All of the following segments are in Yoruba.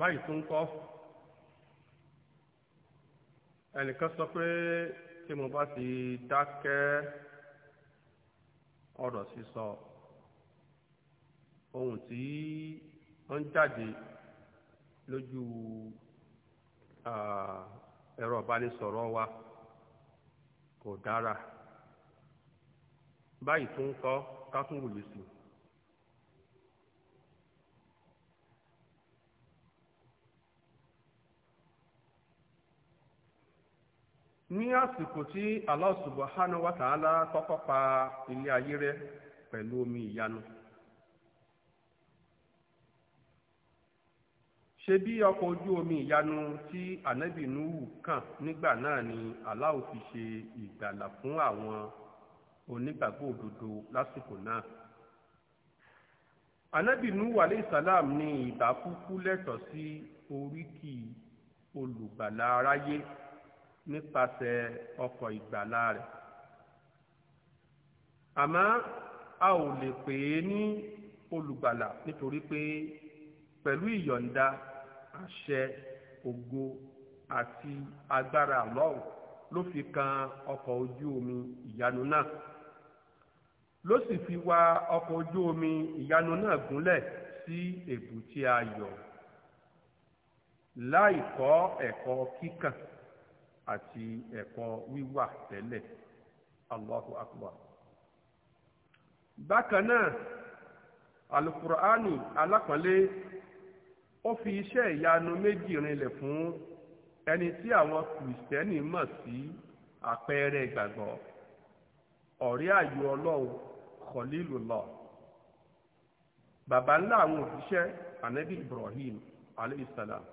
báyìí tó ń kọ́ ẹnìkan sọ pé tí mo bá ti dákẹ́ ọ̀rọ̀ sísọ ohun tí ó ń jáde lójú ẹ̀rọ ìbánisọ̀rọ̀ wa kò dára báyìí tó ń kọ́ ká tún wùlù sí i. ní àsìkò tí Allah subhanahu wa ta'ala kọ́kọ́ pa ilé ayé rẹ pẹ̀lú omi ìyanu ṣe bí ọkọ̀ ojú omi ìyanu tí ànábì Nuhu kàn nígbà náà ni Allah fi ṣe ìgbàlà fún àwọn onígbàgbọ́ òdodo lásìkò náà ànábì Nuhu alayhi ní ìgbà kúkú lẹ́tọ̀ọ́ sí oríkì olùgbàlà aráyé nípasẹ̀ ọkọ̀ ìgbàlá rẹ̀ àmọ́ a ò lè pè é ní olùgbàlà nítorí pé pẹ̀lú ìyọ̀ǹda àṣẹ ògo àti agbára Allah ló fi kan ọkọ̀ ojú omi ìyanu náà ló sì fi wa ọkọ̀ ojú omi ìyanu náà gúnlẹ̀ sí èbúté ayọ̀ láì kọ́ ẹ̀kọ́ kíkàn àti ẹ̀kọ́ wíwà tẹ́lẹ̀ allahu akbar bákan náà alukur'ani alápọ̀nlé ó fi iṣẹ́ ìyanu méjì rinlẹ̀ fún ẹni tí àwọn kìrìsìtẹ́nì mọ̀ sí àpẹẹrẹ ìgbàgbọ́ ọ̀rẹ́ àyò ọlọ́run khalilullah bàbá ńlá àwọn òṣìṣẹ́ anabi ibrahim aleyhisselam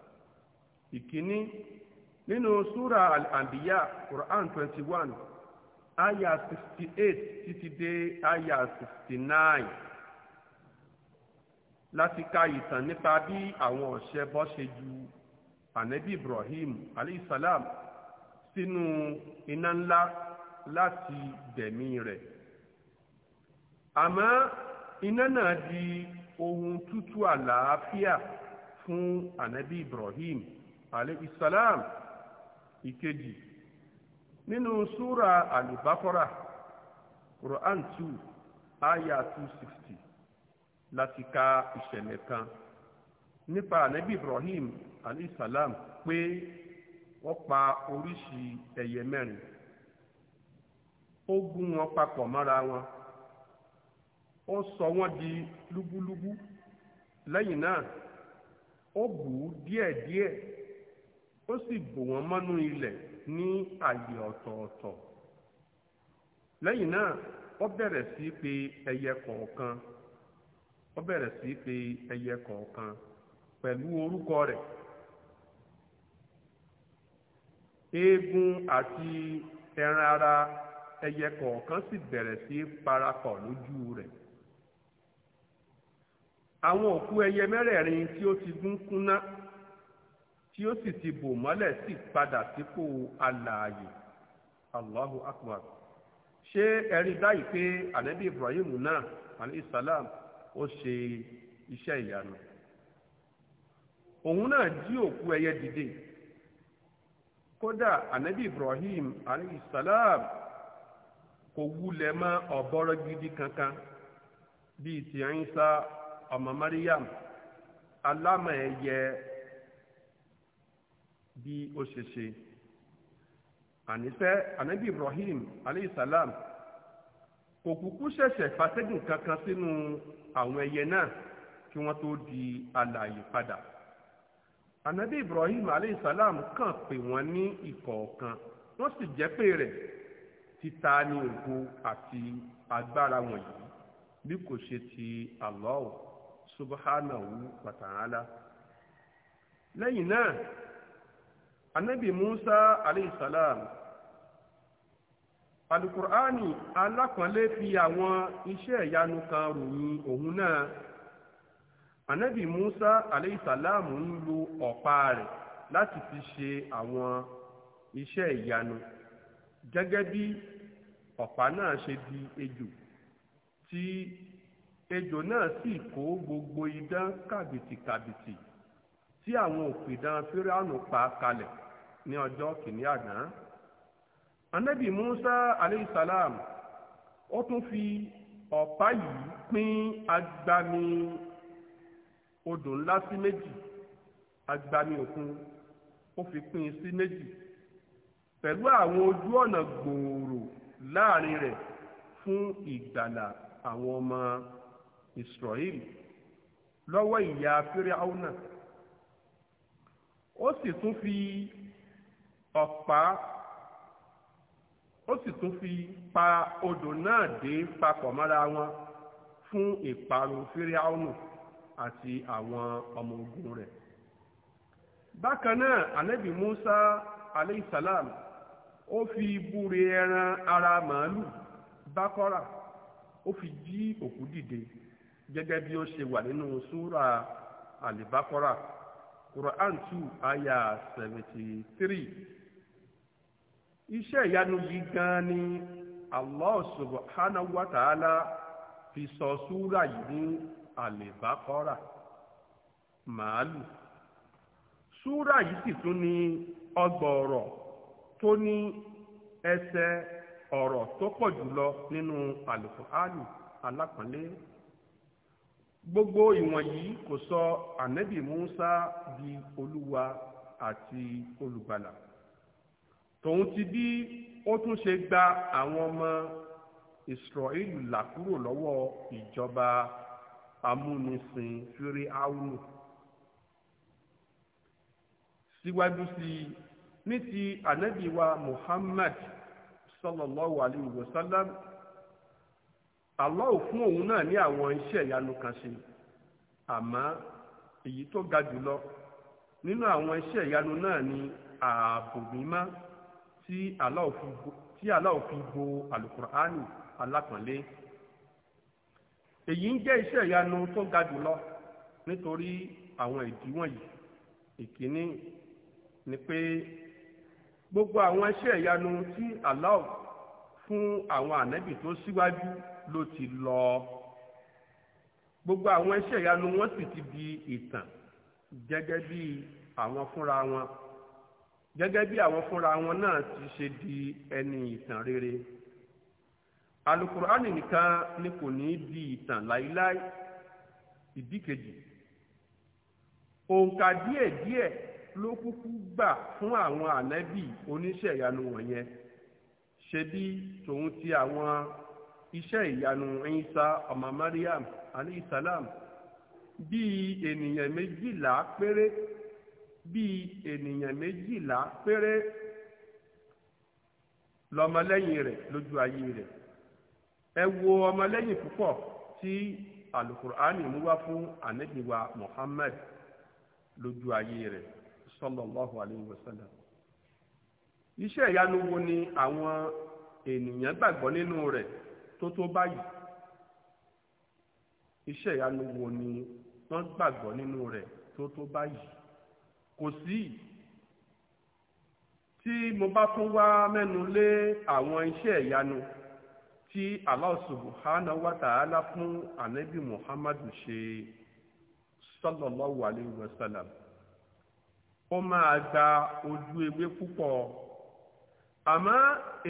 ìkíní nínú súra al-anbiya 21، twenty one aya sixty eight títí dé aya sixty nine láti ka ìtàn nípa bí àwọn ọ̀ṣẹ́ bọ́ ṣe ju ànẹ́bí ibrahim aleyhisalaam sínú iná ńlá láti gbẹ̀mí rẹ̀ àmọ́ iná náà di ohun tútù àlàáfíà fún ànẹ́bí ibrahim aleyhisalaam ìkejì nínú súra àlùbákọ́rà quran two aya two sixty láti ka ìṣẹ̀lẹ̀ kan nípa ànábì ibrahim alayhisalam pé wọ́n pa oríṣi ẹyẹ mẹ́rin ó gún wọn papọ̀ mọ́ra wọn ó sọ wọ́n di lúbúlúbú lẹ́yìn náà ó bù ú díẹ̀díẹ̀ ó sì bò wọ́n mọ́nú ilẹ̀ ní àyè ọ̀tọ̀ọ̀tọ̀ lẹ́yìn náà ó bẹ̀rẹ̀ sí pe ẹyẹ kọ̀ọ̀kan ó bẹ̀rẹ̀ sí pe ẹyẹ kọ̀ọ̀kan pẹ̀lú orúkọ rẹ̀ eegun àti ẹran ara ẹyẹ kọ̀ọ̀kan sì bẹ̀rẹ̀ sí parapọ̀ lójú rẹ̀ àwọn òkú ẹyẹ mẹ́rẹ̀ẹ̀rin tí ó ti gún tí ó sì ti bò mọ́lẹ̀ sì padà sípò alààyè allahu akbar ṣé ẹ̀rí báyìí pé ànábì ibrahim náà alayhisalam ó ṣe iṣẹ́ ìyanu òun náà jí òkú ẹyẹ dìde kódà ànábì ibrahim alayhisalam kò wulẹ̀ mọ́ ọ̀bọ̀rọ̀ gidi kankan bíi ti Ìsá ọmọ mariam alámọ̀ ẹ̀yẹ bí ó ṣe ṣe àníṣẹ́ anabi ibrahim aleyhisalaam kò kúkú ṣẹ̀ṣẹ̀ fàṣẹ́gùn kankan sínú àwọn ẹyẹ náà kí wọ́n tó di alààyè padà anabi ibrahim aleyhisalaam kàn pè wọ́n ní ìkọ̀ọ̀kan wọ́n sì jẹ́ pé rẹ̀ títa ní ògo àti agbára wọ̀nyí bí kò ṣe ti Allah subhanahu wa ta'ala lẹ́yìn náà anabi musa aleyhisalaam alukur'ani alákànlé fi àwọn iṣẹ́ ìyanu kan ròyìn òun náà anabi musa aleyhisalaam ń lo ọ̀pá rẹ̀ láti fi ṣe àwọn iṣẹ́ ìyanu gẹ́gẹ́ bí ọ̀pá náà ṣe di ejò tí ejò náà sì kó gbogbo idán kàbìtìkàbìtì tí àwọn òpìdán fíráànù pa kalẹ̀ ní ọjọ́ kìíní àná anabi musa aleyhisalam ó tún fi ọ̀pá yìí pín agbami odò ńlá sí méjì agbami òkun ó fi pín in sí méjì pẹ̀lú àwọn ojú ọ̀nà gbòòrò láàrin rẹ̀ fún ìgbàlà àwọn ọmọ Israel lọ́wọ́ ìyà Fíráúnà ó sì tún fi ọ̀pá ó sì tún fi pa odò náà dé papọ̀ mọ́ra wọn fún ìparun fíríáùnù àti àwọn ọmọ ogun rẹ̀ bákan náà ànábì Musa aleyhisalam ó fi búre ẹran ara màálù bákọ́rà ó fi jí òkú dìde gẹ́gẹ́ bí ó ṣe wà nínú súra alibakora Quran 2 aya 73 iṣẹ́ ìyanu yìí gan ni Allah subhanahu wa ta'ala fi sọ súrà yìí ní àlèbákọ́rà màálù súrà yìí sì tún ní ọgbọ̀ọ̀rọ̀ tó ní ẹsẹ̀ ọ̀rọ̀ tó pọ̀ jùlọ nínú àlùkùránì alápọ̀nlé gbogbo ìwọ̀nyí kò sọ ànábì Musa di olúwa àti olùgbàlà tòun ti bí ó tún ṣe gba àwọn ọmọ ìsọ̀rọ̀ìlú là kúrò lọ́wọ́ ìjọba amúnisìn fírí áwùnù síwájú sí i ní ti ànábì Muhammad sallallahu alayhi wa sallam Allah fún òun náà ní àwọn iṣẹ́ ìyanu kan ṣe àmọ́ èyí tó ga jùlọ nínú àwọn iṣẹ́ ìyanu náà ni ààbò mímọ́ tí aláò fi bo alukur'ani alápọ̀nlé èyí ń jẹ́ iṣẹ́ ìyanu tó ga jùlọ nítorí àwọn ìdí wọ̀nyí ìkíní ni pé gbogbo àwọn iṣẹ́ ìyanu tí aláò fún àwọn ànábì tó síwájú ló ti lọ gbogbo àwọn iṣẹ́ ìyanu wọ́n sì ti di ìtàn gẹ́gẹ́ bí àwọn fúnra wọn gẹ́gẹ́ bí àwọn fúnra wọn náà ti ṣe di ẹni ìtàn rere alukur'ani nìkan ni kò ní di ìtàn láíláí ìdí kejì òǹkà díẹ̀díẹ̀ ló kúkú gbà fún àwọn ànábì oníṣẹ́ ìyanu wọ̀nyẹn ṣe bí tòun ti àwọn iṣẹ́ ìyanu Ìsá ọmọ Mariam alayhi salam bíi ènìyàn méjìlá péré bíi ènìyàn méjìlá péré lọ́mọlẹ́yìn rẹ̀ lójú ayé rẹ̀ ẹ wo ọmọlẹ́yìn púpọ̀ tí alukur'ani mú wá fún anabiwa muhammad lójú ayé rẹ̀ sallallahu alayhi wa sallam iṣẹ́ ìyanu wo ni àwọn ènìyàn gbàgbọ́ nínú rẹ̀ tó tó báyìí iṣẹ́ ìyanu wo ni wọ́n gbàgbọ́ nínú rẹ̀ tó tó báyìí kò sí tí mo bá tún wá mẹ́nu lé àwọn iṣẹ́ ìyanu tí Allah subhanahu wa ta'ala fún ànábì Muhammadu ṣe sallallahu alayhi wa sallam ó máa gba ojú ewé púpọ̀ àmọ́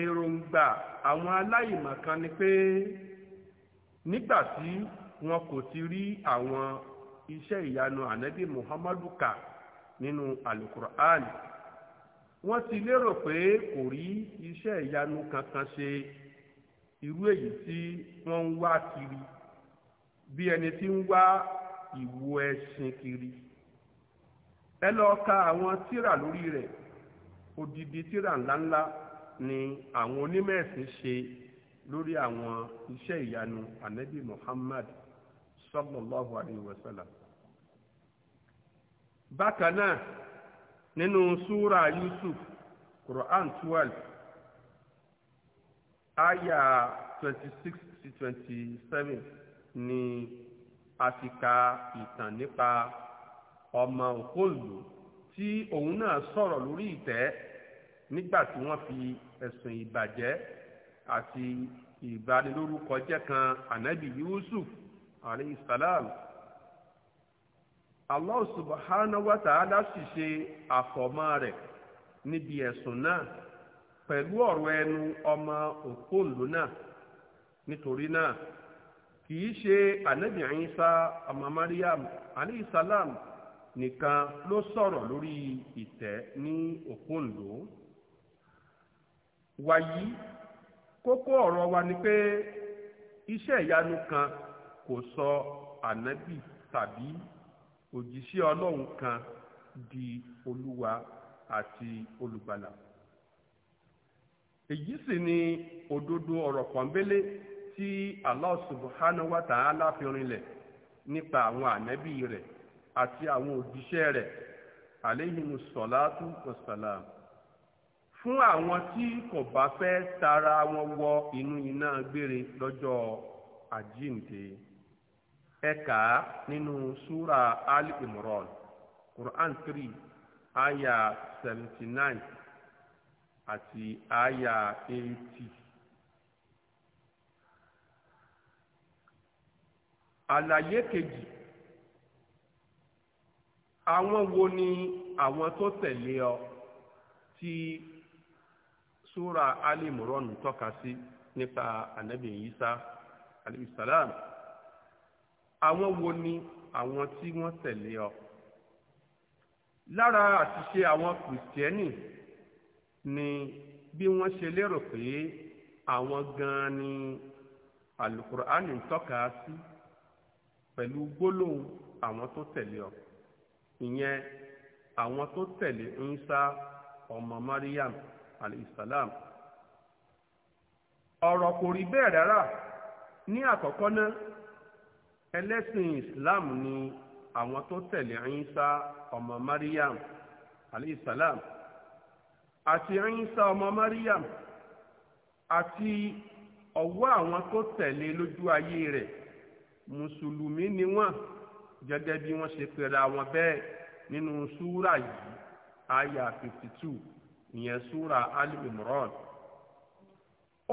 èròǹgbà àwọn aláìmọ̀kan ni pé nígbà tí wọn kò ti rí àwọn iṣẹ́ ìyanu ànábì Muhammadu kà nínú alukur'an wọ́n ti lérò pé kò rí iṣẹ́ ìyanu kankan ṣe irú èyí tí wọ́n ń wá kiri bí ẹni tí ń wá ìwo ẹṣin kiri ẹ lọ ka àwọn tírà lórí rẹ̀ odidi tírà ńláńlá ni àwọn onímọ̀ ẹ̀sìn ṣe lórí àwọn iṣẹ́ ìyanu anabi muhammad sallallahu alayhi wa sallam bákan náà nínú súra yusuf quran twelve aya twenty six sí twenty seven ni a ti ka ìtàn nípa ọmọ òkòlù tí òun náà sọ̀rọ̀ lórí ìtẹ́ nígbà tí wọ́n fi ẹ̀sùn ìbàjẹ́ àti ìbanilórúkọjẹ́ kan anabi yusuf aleyhisalaam Allah subhanahu wa ta'ala sì ṣe àfọ̀mọ́ níbi ẹ̀sùn náà pẹ̀lú ọ̀rọ̀ ẹnu ọmọ òpóǹdó náà nítorí náà kì í ṣe anabi Ìsá ọmọ Mariam nìkan ló sọ̀rọ̀ lórí ìtẹ́ ní wàyí kókó wa ni pé iṣẹ́ kan kò sọ anabi tàbí òjíṣẹ́ ọlọ́run kan di olúwa àti olùgbàlà èyí sì ni òdodo ọ̀rọ̀ pọ́nbélé tí Allah subhanahu wa ta'ala fi rinlẹ̀ nípa àwọn ànábì rẹ̀ àti àwọn òjíṣẹ́ rẹ̀ alayhimu salatu wassalam fún àwọn tí kò bá fẹ́ tara wọn wọ inú iná gbére lọ́jọ́ àjíǹde ẹ̀ka nínú súra ali imran quran three aya seventy nine àti aya eighty. àlàyé kejì àwọn wo ni àwọn tó tẹ̀lé ọ tí súra ali imran tọ́ka sí nípa anabi isa alayhi salam àwọn wo ni àwọn tí wọ́n tẹ̀lé ọ lára àṣìṣe àwọn kìrìsìtẹ́nì ni bí wọ́n ṣe lérò pé àwọn gan-an ni alukur'ani ń tọ́ka sí pẹ̀lú gbólóhùn àwọn tó tẹ̀lé ọ ìyẹn àwọn tó tẹ̀lé Ìsá ọmọ Mariam alayhisalam ọ̀rọ̀ kò rí bẹ́ẹ̀ rárá ní àkọ́kọ́ náà ẹlẹ́sìn islam ni àwọn tó tẹ̀lé ayínṣá ọmọ mariam aleyhisalaam àti ayínṣá ọmọ mariam àti ọ̀wọ́ àwọn tó tẹ̀lé lójú ayé rẹ̀ mùsùlùmí ni wọ́n gẹ́gẹ́ bí wọ́n ṣe pera wọn bẹ́ẹ̀ nínú súrà yìí aya fifty two ìyẹn súrà al-imran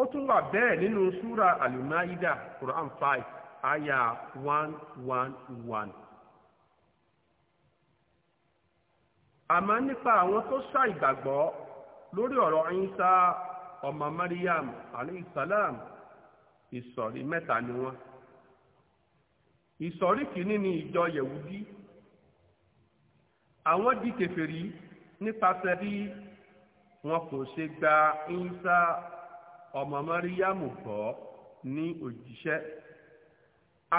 ó tún wà bẹ́ẹ̀ nínú súrà al quran five àyà one one one. àmọ́ nípa àwọn tó ṣàìgbàgbọ́ lórí ọ̀rọ̀ Ìsá ọmọ Mariam aleyhisalaam ìsọ̀rí mẹ́ta ni wọ́n ìsọ̀rí kìíní ni ìjọ Yẹ̀wúdí àwọn di kèfèrí nípasẹ̀ bí wọn kò ṣe gba Ìsá ọmọ Mariam gbọ́ ní òjíṣẹ́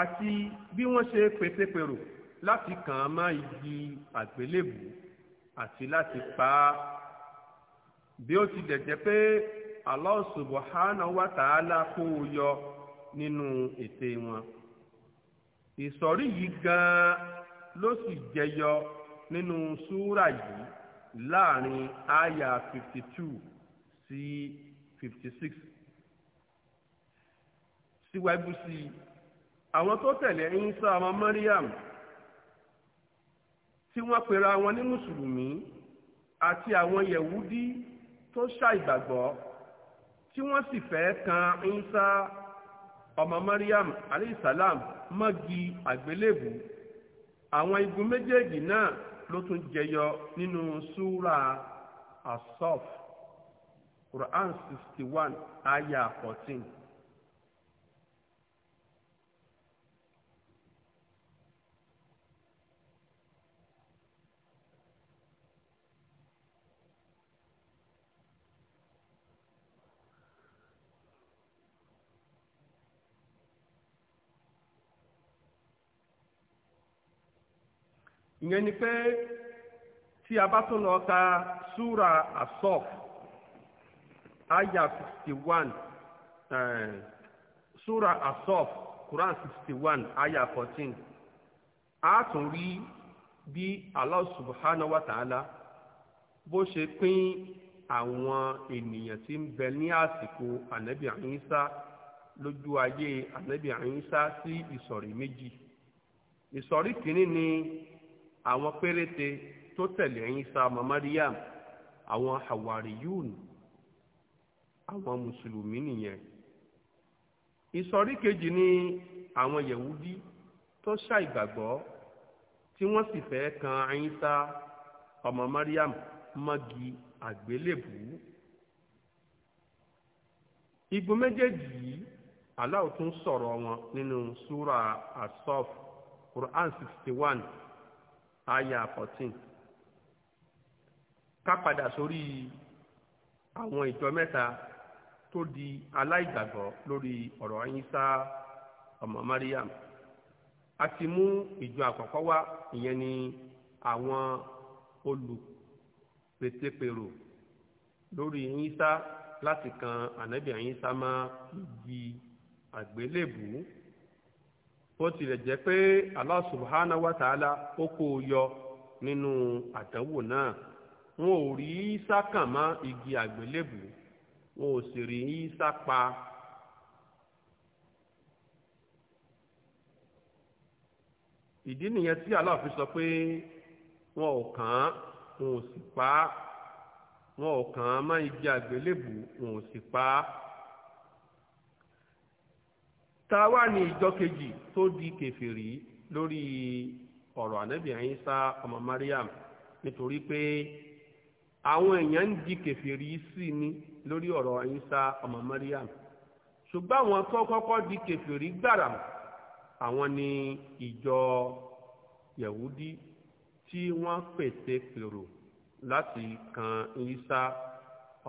àti bí wọ́n ṣe pètèpèrò láti kàn án mọ́ igi àgbélébù àti láti pa á bí ó ti dẹ̀ jẹ́ pé Allah subhanahu wa kó o yọ nínú ète wọn ìsọ̀rí yìí gan-an ló sì jẹyọ nínú súrà yìí láàrin àyà fifty two sí fifty six síwájú sí i àwọn tó tẹ̀lé Ìsá ọmọ Mariam tí wọ́n pera wọn ní mùsùlùmí àti àwọn yẹ̀wúdí tó ṣàìgbàgbọ́ tí wọ́n sì fẹ́ kan Ìsá ọmọ Mariam aleyhisalam mọ́gi àgbélébù àwọn igun méjèèjì náà ló tún jẹyọ nínú súra asọ́f Quran 61 aya 14 ìyẹn ni pé tí a bá tún lọ ka súra asọf aya sixty one eh, súra asọf quran sixty one aya fourteen a tún rí bí Allah subhanahu wa ta'ala bó ṣe pín àwọn ènìyàn tí ń bẹ ní àsìkò ànábì àyínsá lójú ayé ànábì àyínsá sí ìsọ̀rí méjì ìsọ̀rí kìíní ni àwọn péréte tó tẹ̀lé Ìsá ọmọ Mariam àwọn hawariyun àwọn mùsùlùmí nìyẹn ìsọ̀rí kejì ni àwọn yẹ̀wúdí tó ṣàìgbàgbọ́ tí wọ́n sì fẹ́ kan Ìsá ọmọ Mariam mọ́gi àgbélébù igun méjèèjì yìí aláwọ̀ tún sọ̀rọ̀ wọn nínú súra asọ́f Quran sixty one aya fourteen ká padà sórí àwọn ìjọ mẹ́ta tó di aláìgbàgbọ́ lórí ọ̀rọ̀ ayínsá ọmọ mariam a ti mú ìjọ àkọ́kọ́ wá ìyẹn ni àwọn olùpètèpèrò lórí ayínsá láti kan ànábì ayínsá mọ́ igi àgbélébùú bó tilẹ̀ jẹ́ pé Allah subhanahu ó kó o yọ nínú àdánwò náà wọn ò rí igi àgbélébù wọn ò sì rí Ísá pa. ìdí nìyẹn tí fi sọ pé wọn ò kàn án wọn ò sì pa igi àgbélébù wọn ò sì ta wá ní ìjọ kejì tó di kèfèrí lórí ọ̀rọ̀ ànábì Ìsá ọmọ Mariam nítorí pé àwọn èèyàn ń di kèfèrí sí ni lórí ọ̀rọ̀ Ìsá ọmọ Mariam ṣùgbọ́n àwọn tó kọ́kọ́ di kèfèrí gbàrà àwọn ni ìjọ Yẹ̀wúdí tí wọ́n pète pèrò láti kan Ìsá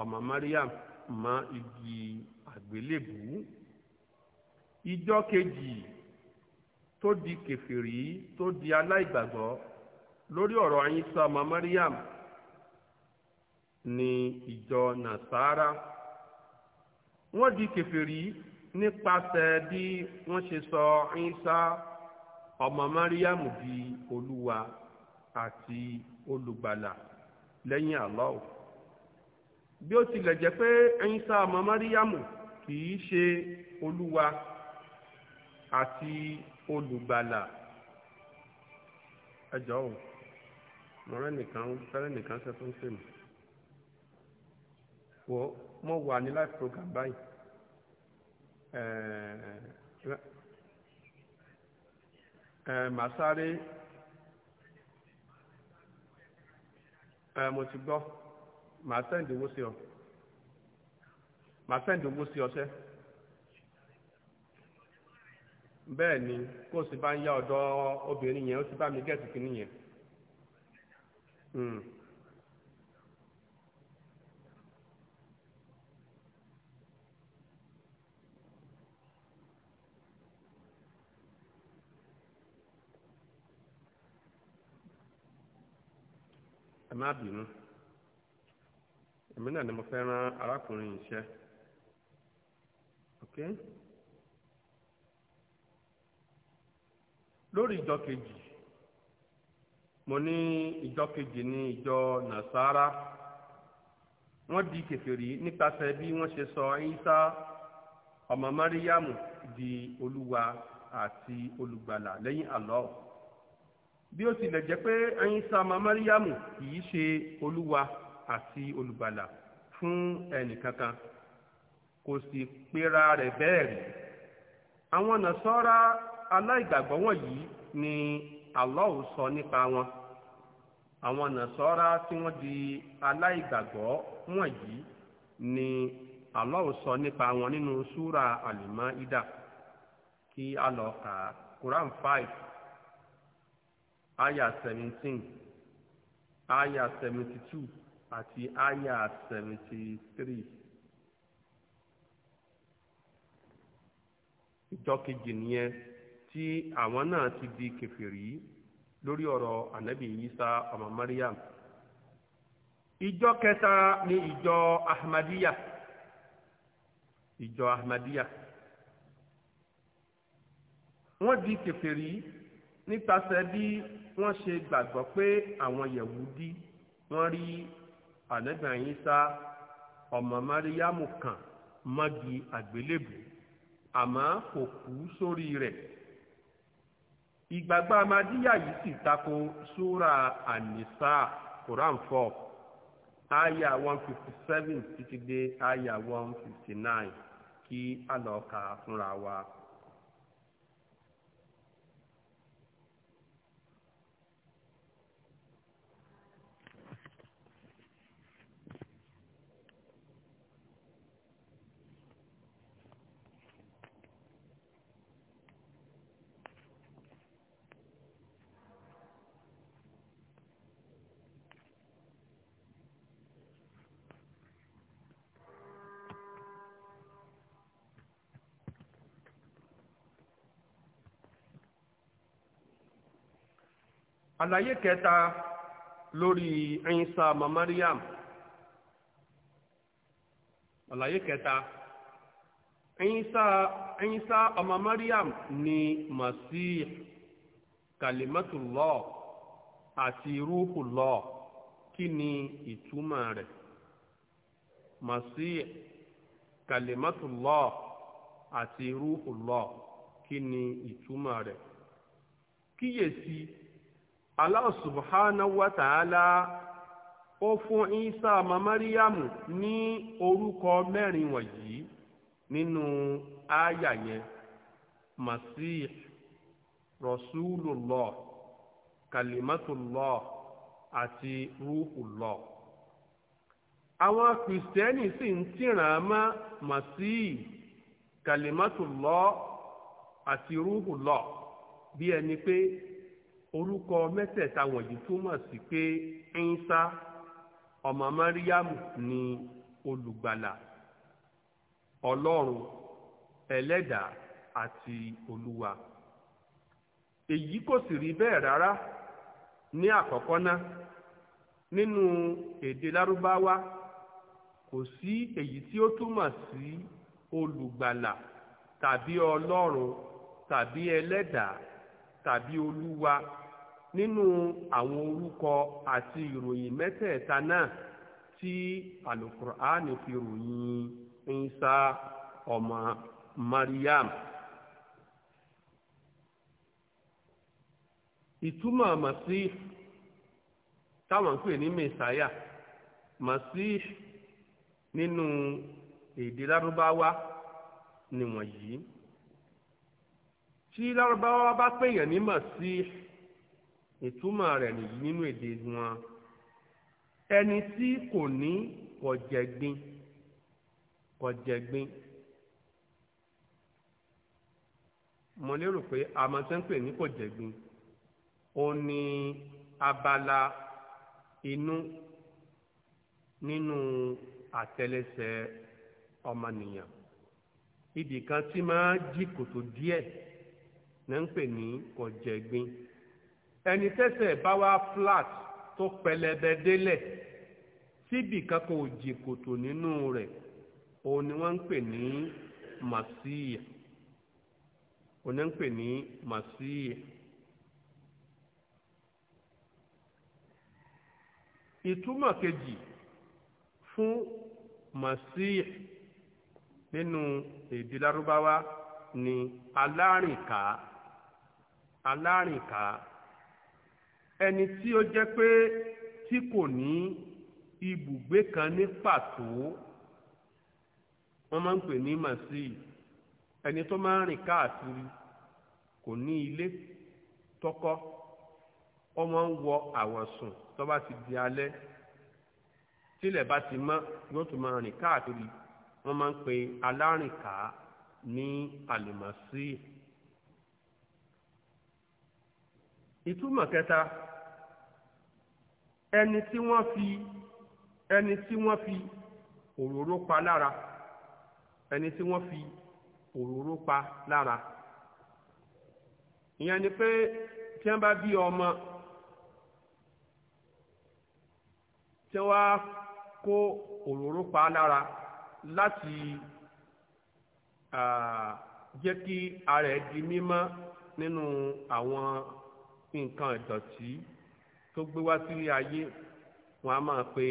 ọmọ Mariam mọ́ igi àgbélébùú. ìjọ kejì tó di kèfèrí tó di aláìgbàgbọ́ lórí ọrọ ayíṣà ọmọ Mariam ni ìjọ Nasara wọn di kèfèrí nípasẹ̀ bí wọn ṣe sọ ayíṣà ọmọ Mariam di olúwa àti olùgbàlà lẹ́yìn Allah bí ó tilẹ̀ jẹ́ pé ayíṣà ọmọ Mariam kì í ṣe olúwa. àti olùgbàlà ẹjọ́ ò mọ̀rẹ́ nìkan fẹ́rẹ́ nìkan ṣe fún sèmi wọ́ mo wà ní life program báyìí màá sáré mo ti gbọ́ màá sẹ́ǹdì owó sí ọ màá sẹ́ǹdì owó sí ọ sẹ́ẹ́. bẹ́ẹ̀ ni kó sì bá ń yá ọ̀dọ́ obìnrin yẹn ó sì bá mi gẹ̀ẹ́sì kìíní yẹn. Hmm. ẹ má bínú èmi náà ni mo fẹ́ lórí ìjọ kejì mo ní ìjọ kejì ní ìjọ nàṣàrà di di kèfèrí nípasẹ̀ bí wọ́n ṣe sọ Ìsá ọmọ Máríyámù di olúwa àti olùgbàlà lẹ́yìn Allah bí ó tilẹ̀ jẹ́ pé Ìsá ọmọ Máríyámù kìí ṣe olúwa àti olùgbàlà fún ẹnìkankan kò sì pera rẹ̀ bẹ́ẹ̀ rí àwọn nasara. aláìgbàgbọ́ wọ̀nyí ni Allah sọ nípa wọn àwọn nàṣọ́ra tí wọ́n di aláìgbàgbọ́ wọ̀nyí ni Allah sọ nípa wọn nínú súra Al-Maida kí a lọ kà Quran five aya seventeen aya seventy two àti aya seventy three. ìjọ kejì nìyẹn tí àwọn náà ti di kèfèrí lórí ọ̀rọ̀ ànábì Isa ọmọ Maryam ìjọ kẹta ni ìjọ Ahmadiyya ìjọ Ahmadiyya wọ́n di kèfèrí nípasẹ̀ bí wọ́n ṣe gbàgbọ́ pé àwọn Yẹ̀wúdí wọ́n rí ànábì Isa ọmọ Maryam kan mọ́gi àgbélébùú àmọ́ kò kú sórí rẹ̀ ìgbàgbọ́ amadíyà yìí sì tako súra anisa quran four aya one fifty seven títí dé aya one kí a fúnra wa. àlàyé kẹta lórí Ìsá ọmọ Mariam àlàyé kẹta ọmọ Mariam ni Masih kalimatullah àti ruhullah kí ni àti kí ni ìtumọ̀ rẹ kíyèsí. Allah subhanahu wa ta'ala ó fún Isa ọmọ Mariamu ní orúkọ mẹ́rin wọ̀nyí nínú àyà yẹn Masih Rasulullah Kalimatullah àti Ruhullah. Àwọn Kìrìsìtẹ́nì sì ń tìràn mọ́ Masih Kalimatullah àti Ruhullah bí ẹni pé orúkọ mẹ́tẹ̀ẹ̀ta wọ̀nyí túmọ̀ sí pé Ìsá ọmọ Mariam ni olùgbàlà ọlọ́run ẹlẹ́dàá àti olúwa èyí kò sì rí bẹ́ẹ̀ rárá ní àkọ́kọ́ ná nínú èdè lárúbáwá kò sí èyí tí ó túmọ̀ sí olùgbàlà tàbí ọlọ́run tàbí ẹlẹ́dàá tàbí olúwa nínú àwọn orúkọ àti ìròyìn mẹ́tẹ̀ẹ̀ta náà tí alukur'ani fi ròyìn Ìsá ọmọ Mariam. ìtumọ̀ màsí táwọn ń pè ní mẹ́sàáyà màsí nínú èdè lárúbáwá nìwọ̀nyí tí lárúbáwá bá pèèyàn ní màsí ìtumọ̀ rẹ̀ nìyí nínú èdè wọn ẹni tí kò ní kò jẹ̀gbin kò jẹ̀gbin mo lérò pé àmọ̀tẹ́ńpẹ̀ ní kò ó ní abala inú nínú àtẹ́lẹsẹ̀ ọmọnìyàn ibì kan tí máa jí kòtò díẹ̀ ní ń pè ní kò ẹni tẹ́sẹ̀ bá wá flat tó pẹlẹbẹ délẹ̀ síbì kankan ò jì kòtò nínú rẹ̀ òun ni wọ́n ń pè ní màsíyà òun ni wọ́n ń pè ní màsíyà. ìtumọ̀ kejì fún màsíyà nínú èdè lárúbáwá ni alárìnká alárìnká ẹni tí ó jẹ́ pé tí kò ní ibùgbé kan ní pàtó wọ́n máa ń pè ní màsí ẹni tó máa ń rìn káàkiri kò ní ilé tọ́kọ́ ó máa ń wọ àwọ̀sùn tó bá ti di alẹ́ tílẹ̀ bá ti mọ́ yóò tún máa rìn káàkiri wọ́n máa ń pè alárìnká ní àlùmọ́sí. ìtumọ̀ kẹta ẹni tí wọ́n fi ẹni tí wọ́n fi òróró pa lára ẹni tí wọ́n fi òróró pa lára ìyẹn ni pé tí wọ́n bá bí ọmọ tí wọ́n á kó òróró pa lára láti jẹ́ kí ara ẹ̀ di mímọ́ nínú àwọn nǹkan ìdọ̀tí tó gbé wá sílé ayé wọn a máa pe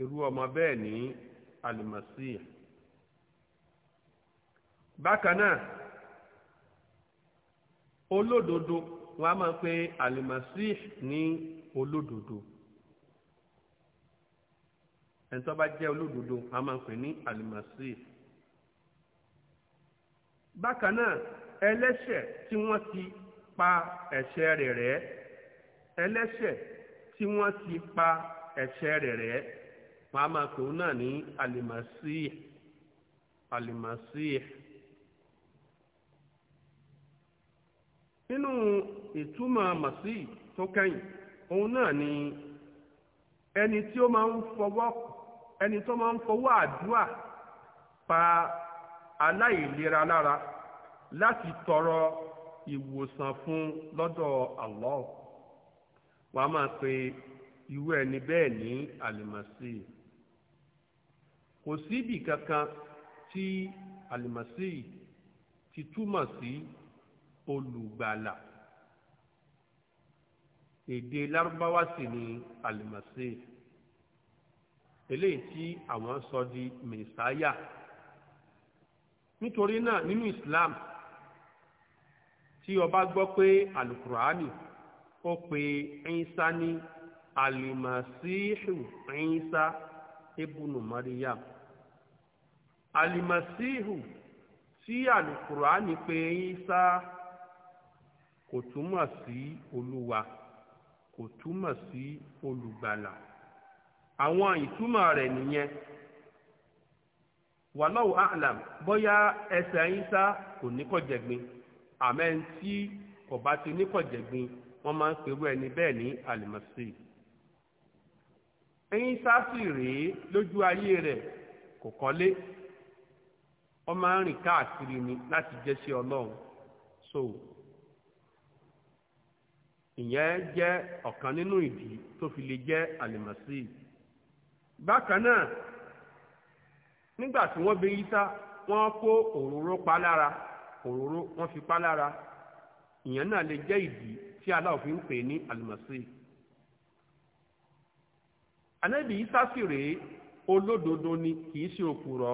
irú ọmọ bẹ́ẹ̀ ní alimasi bákan náà olódodo wọn a máa pe alimasi ní olódodo ẹni tó bá jẹ́ olódodo a máa pè ní alimasi bákan náà ẹlẹ́ṣẹ̀ tí wọ́n ti pa ẹ̀ṣẹ̀ rẹ̀ rẹ́ ẹlẹ́ṣẹ̀ tí ti pa ẹ̀ṣẹ̀ rẹ̀ rẹ́ wọ́n á náà ní alimasiih alimasiih. nínú ìtumọ̀ màsí tó kẹ́yìn òun náà ni ẹni tí ó máa ń fọwọ́ ẹni tó pa aláìlera lára láti tọrọ ìwòsàn fún lọ́dọ̀ Allah wàá máa pe irú ẹni bẹ́ẹ̀ ní àlìmọ̀sí kò síbì kankan tí àlìmọ̀sí ti túmọ̀ sí olùgbàlà èdè lárúbáwá sì ni àlìmọ̀sí eléyìí tí àwọn sọ di mẹ̀sáyà nítorí náà nínú Islam tí o bá gbọ́ pé alukurani ó pe ẹ̀ńsá ní alimasihu ẹ̀ńsá ibùnú Maria. alimasihu tí alukurani pe ẹ̀ńsá kò túmọ̀ sí olúwa kò túmọ̀ sí olùgbàlà àwọn ìtumọ̀ rẹ̀ nìyẹn wàláwù àlàm bóyá ẹsẹ̀ ẹ̀ńsá kò ní kọ̀jẹ̀gbin àmẹ́ tí kò bá ti níkọ̀jẹ̀gbin wọ́n máa ń perú ẹni bẹ́ẹ̀ ní àlìmọ́sí. ẹyin sáàsì rèé lójú ayé rẹ̀ kò kọ́lé wọ́n máa ń rìn káàkiri ni láti jẹ́ sí ọlọ́run so ìyẹn jẹ́ ọ̀kan nínú ìdí tó fi lè jẹ́ àlìmọ́sí. bákan náà nígbà tí wọ́n bí yísá wọ́n kó òróró pa lára òróró wọ́n fi pa lára ìyẹn náà lè jẹ́ ìdí tí aláwọ̀ fi ń pè ní àlùmọ̀sí. ànábì Ìsá sì rèé olódodo ni kì í ṣe òpùrọ́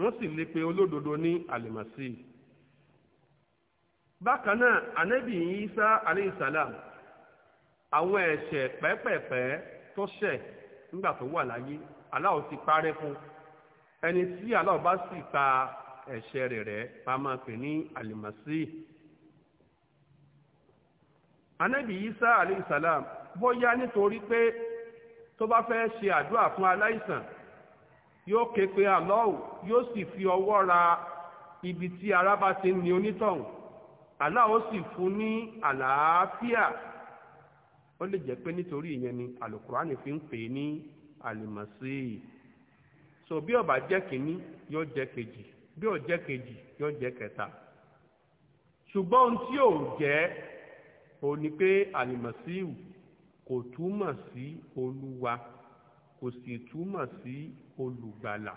wọ́n sì lè pe olódodo ní àlùmọ̀sí. bákan náà ànábì Ìsá aleyhisalaam àwọn ẹ̀ṣẹ̀ pẹ́pẹ̀pẹ́ tó ṣẹ̀ nígbà tó wà láyé aláwọ̀ ti parẹ́ fún ẹni tí aláwọ̀ bá sì ta ẹ̀ṣẹ̀ rẹ̀ rẹ̀ a máa pè ní àlìmọ̀sí. anábì isa aleyhisalaam bóyá nítorí pé tó bá fẹ́ ṣe àdúrà fún aláìsàn yóò ké pe Allah yóò sì fi ọwọ́ ra ibi tí ara bá ti ní onítọ̀hún Allah ó sì fún ní àlàáfíà ó lè jẹ́ pé nítorí ìyẹn ni alukurani fi ń pè ní alimasi so bí ó bá jẹ́ kínní yóò jẹ́ kejì bí ò jẹ́ kejì yóò jẹ́ kẹta ṣùgbọ́n ohun tí ò jẹ́ ò ní pé àlìmọ̀síhù kò túmọ̀ sí olúwa kò sì túmọ̀ sí olùgbàlà.